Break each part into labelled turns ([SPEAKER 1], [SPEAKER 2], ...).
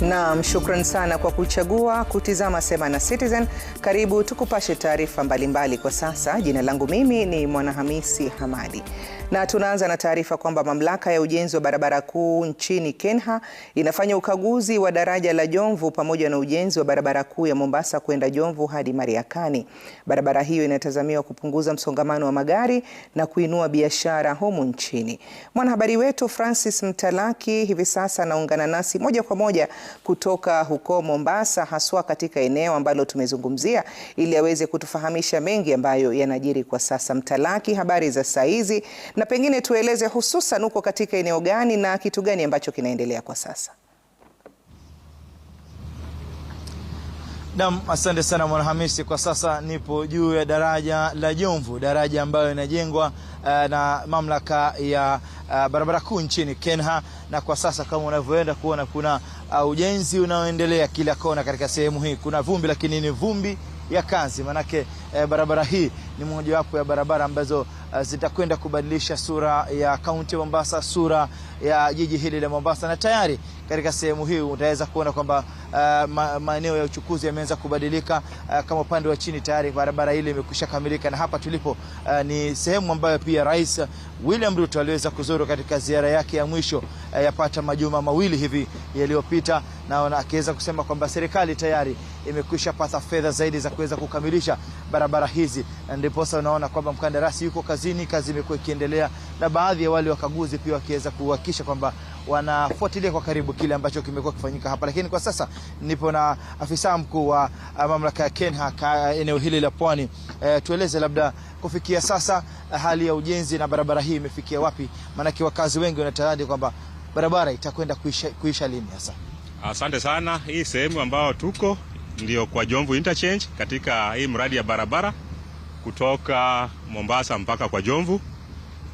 [SPEAKER 1] Naam, shukran sana kwa kuchagua kutizama Sema na Citizen. Karibu tukupashe taarifa mbalimbali kwa sasa. Jina langu mimi ni Mwanahamisi Hamadi. Na tunaanza na taarifa kwamba mamlaka ya ujenzi wa barabara kuu nchini KENHA inafanya ukaguzi wa daraja la Jomvu pamoja na ujenzi wa barabara kuu ya Mombasa kwenda Jomvu hadi Mariakani. Barabara hiyo inatazamiwa kupunguza msongamano wa magari na kuinua biashara humu nchini. Mwanahabari wetu Francis Mtalaki hivi sasa anaungana nasi moja kwa moja kutoka huko Mombasa, haswa katika eneo ambalo tumezungumzia, ili aweze kutufahamisha mengi ambayo yanajiri kwa sasa. Mtalaki, habari za saa hizi? na pengine tueleze hususan huko katika eneo gani na kitu gani ambacho kinaendelea kwa sasa?
[SPEAKER 2] Naam, asante sana Mwanahamisi. Kwa sasa nipo juu ya daraja la Jomvu, daraja ambayo inajengwa eh, na mamlaka ya eh, barabara kuu nchini KENHA, na kwa sasa kama unavyoenda kuona kuna eh, ujenzi unaoendelea kila kona katika sehemu hii. Kuna vumbi, lakini ni vumbi ya kazi, manake eh, barabara hii ni mojawapo ya barabara ambazo eh, zitakwenda kubadilisha sura ya kaunti ya Mombasa, sura ya jiji hili la Mombasa, na tayari katika sehemu hii utaweza kuona kwamba eh, maeneo ya uchukuzi yameanza kubadilika. Eh, kama upande wa chini tayari barabara ile imekwisha kamilika, na hapa tulipo eh, ni sehemu ambayo pia Rais William Ruto aliweza kuzuru katika ziara yake ya mwisho eh, yapata majuma mawili hivi yaliyopita na akiweza kusema kwamba serikali tayari imekwisha pata fedha zaidi za kuweza kukamilisha barabara hizi, na ndiposa unaona kwamba mkandarasi yuko kazini, kazi imekuwa ikiendelea, na baadhi ya wale wakaguzi pia wakiweza kuhakikisha kwamba wanafuatilia kwa karibu kile ambacho kimekuwa kifanyika hapa. Lakini kwa sasa nipo na afisa mkuu wa uh, mamlaka ya KENHA eneo hili la Pwani. E, tueleze labda kufikia sasa uh, hali ya ujenzi na barabara hii imefikia wapi? Maanake wakazi wengi wanatarajia kwamba barabara itakwenda kuisha, kuisha lini hasa?
[SPEAKER 3] Asante sana. Hii sehemu ambayo tuko ndio kwa Jomvu Interchange katika hii mradi ya barabara kutoka Mombasa mpaka kwa Jomvu,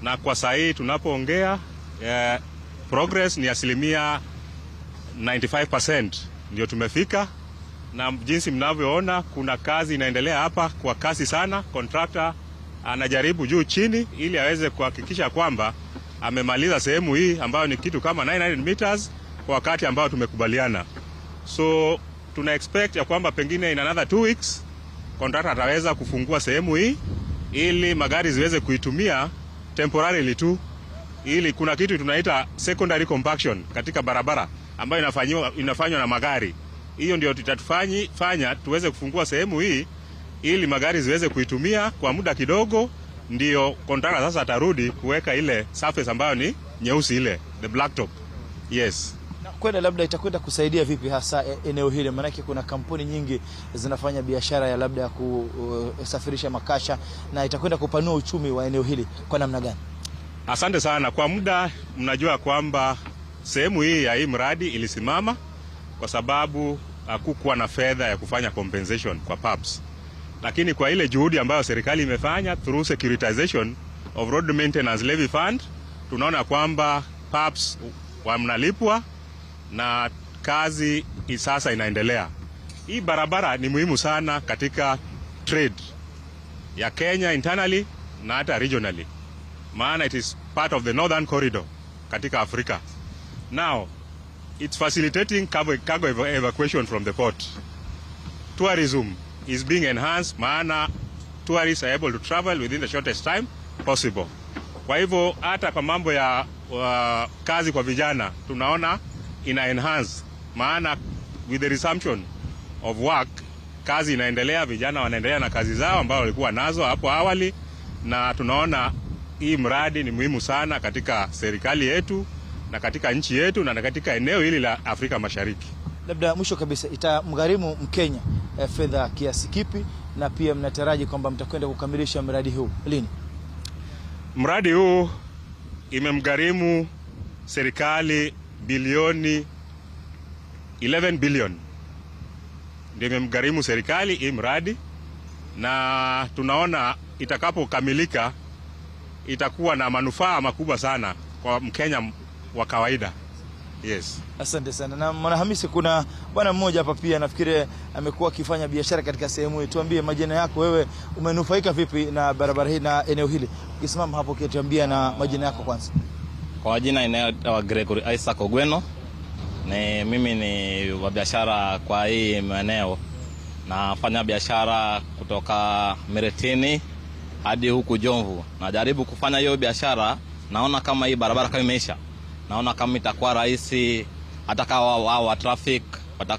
[SPEAKER 3] na kwa saa hii tunapoongea, eh, progress ni asilimia 95% ndio tumefika, na jinsi mnavyoona kuna kazi inaendelea hapa kwa kasi sana. Contractor anajaribu juu chini ili aweze kuhakikisha kwamba amemaliza sehemu hii ambayo ni kitu kama 900 meters kwa wakati ambao tumekubaliana. So tuna expect ya kwamba pengine in another two weeks contractor ataweza kufungua sehemu hii ili magari ziweze kuitumia temporarily tu, ili kuna kitu tunaita secondary compaction katika barabara ambayo inafanywa, inafanywa na magari. Hiyo ndio fanya tuweze kufungua sehemu hii ili magari ziweze kuitumia kwa muda kidogo, ndio kontara sasa atarudi kuweka ile surface ambayo ni nyeusi ile the blacktop. Yes
[SPEAKER 1] kwenda labda itakwenda kusaidia vipi hasa e, eneo hili? Maanake kuna kampuni nyingi zinafanya biashara ya labda ya kusafirisha makasha na itakwenda kupanua uchumi wa eneo hili kwa namna gani?
[SPEAKER 3] Asante sana kwa muda. Mnajua kwamba sehemu hii ya hii mradi ilisimama kwa sababu hakukuwa na fedha ya kufanya compensation kwa pubs, lakini kwa ile juhudi ambayo serikali imefanya through securitization of road maintenance levy fund, tunaona kwamba pubs wamnalipwa na kazi sasa inaendelea. Hii barabara ni muhimu sana katika trade ya Kenya internally na hata regionally, maana it is part of the northern corridor katika Afrika. Now it's facilitating cargo evacuation from the port. Tourism is being enhanced, maana tourists are able to travel within the shortest time possible. Kwa hivyo hata kwa mambo ya uh, kazi kwa vijana tunaona ina enhance, maana with the resumption of work kazi inaendelea, vijana wanaendelea na kazi zao ambao walikuwa nazo hapo awali, na tunaona hii mradi ni muhimu sana katika serikali yetu na katika nchi yetu na katika eneo hili la Afrika Mashariki.
[SPEAKER 1] Labda mwisho kabisa, itamgharimu Mkenya eh, fedha kiasi kipi, na pia mnataraji kwamba mtakwenda kukamilisha mradi huu lini?
[SPEAKER 3] Mradi huu imemgharimu serikali bilioni 11 billion ndio imemgharimu serikali hii mradi, na tunaona itakapokamilika itakuwa na manufaa makubwa sana kwa Mkenya wa kawaida. Yes.
[SPEAKER 1] Asante sana. Na Mwanahamisi, kuna bwana mmoja hapa pia nafikiri amekuwa akifanya biashara katika sehemu hii. Tuambie majina yako wewe, umenufaika vipi na barabara hii na eneo hili? Ukisimama hapo, tuambie na majina yako kwanza.
[SPEAKER 4] Kwa jina inaitwa Gregory Isaac Ogweno. Ni mimi ni wa biashara kwa hii maeneo, nafanya biashara kutoka Miretini hadi huku Jomvu. Najaribu kufanya hiyo biashara, naona kama hii barabara kama imeisha, naona kama itakuwa rahisi hata kawa wao wa traffic,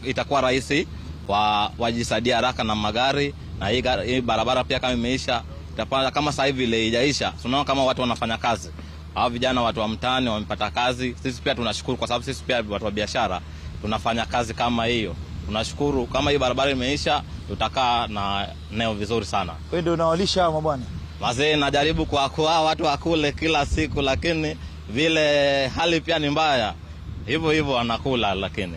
[SPEAKER 4] itakuwa rahisi wa wajisaidia haraka na magari, na hii barabara pia kama imeisha itapanda, kama sasa hivi ile haijaisha, tunaona kama watu wanafanya kazi hawa vijana watu wa mtaani wamepata kazi. Sisi pia tunashukuru kwa sababu sisi pia watu wa biashara tunafanya kazi kama hiyo. Tunashukuru kama hii barabara imeisha, tutakaa na neo vizuri sana.
[SPEAKER 1] Wewe ndio unawalisha hao mabwana?
[SPEAKER 4] Mazee, najaribu kuwakoa watu wakule kila siku, lakini vile hali pia ni mbaya, hivyo hivyo wanakula lakini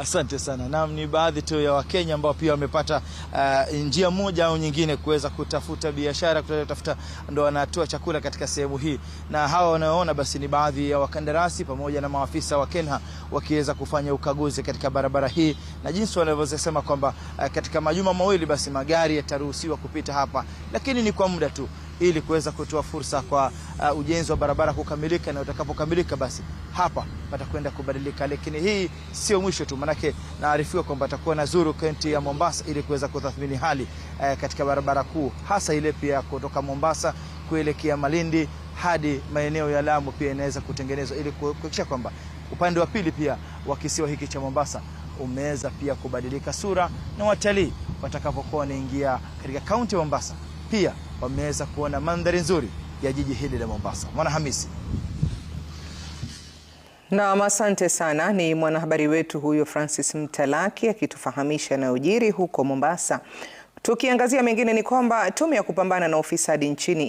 [SPEAKER 1] Asante sana. Naam, ni baadhi tu ya Wakenya ambao pia wamepata uh, njia moja au nyingine kuweza kutafuta biashara, kutafuta ndo wanatoa chakula katika sehemu hii, na hawa wanaoona basi ni baadhi ya wakandarasi pamoja na maafisa wa KENHA wakiweza kufanya ukaguzi katika barabara hii, na jinsi wanavyosema kwamba uh, katika majuma mawili basi magari yataruhusiwa kupita hapa, lakini ni kwa muda tu ili kuweza kutoa fursa kwa uh, ujenzi wa barabara kukamilika, na utakapokamilika basi hapa patakwenda kubadilika. Lakini hii sio mwisho tu, manake naarifiwa kwamba atakuwa na zuru kaunti ya Mombasa ili kuweza kutathmini hali uh, katika barabara kuu, hasa ile pia kutoka Mombasa kuelekea Malindi hadi maeneo ya Lamu, pia inaweza kutengenezwa ili kuhakikisha kwamba upande wa pili pia wa kisiwa hiki cha Mombasa umeweza pia kubadilika sura, na watalii watakapokuwa wanaingia katika kaunti ya Mombasa pia wameweza kuona mandhari nzuri ya jiji hili la Mombasa. Mwana Hamisi. Naam, asante sana. Ni mwanahabari wetu huyo Francis Mtalaki akitufahamisha yanayojiri huko Mombasa. Tukiangazia mengine, ni kwamba tume ya kupambana na ufisadi nchini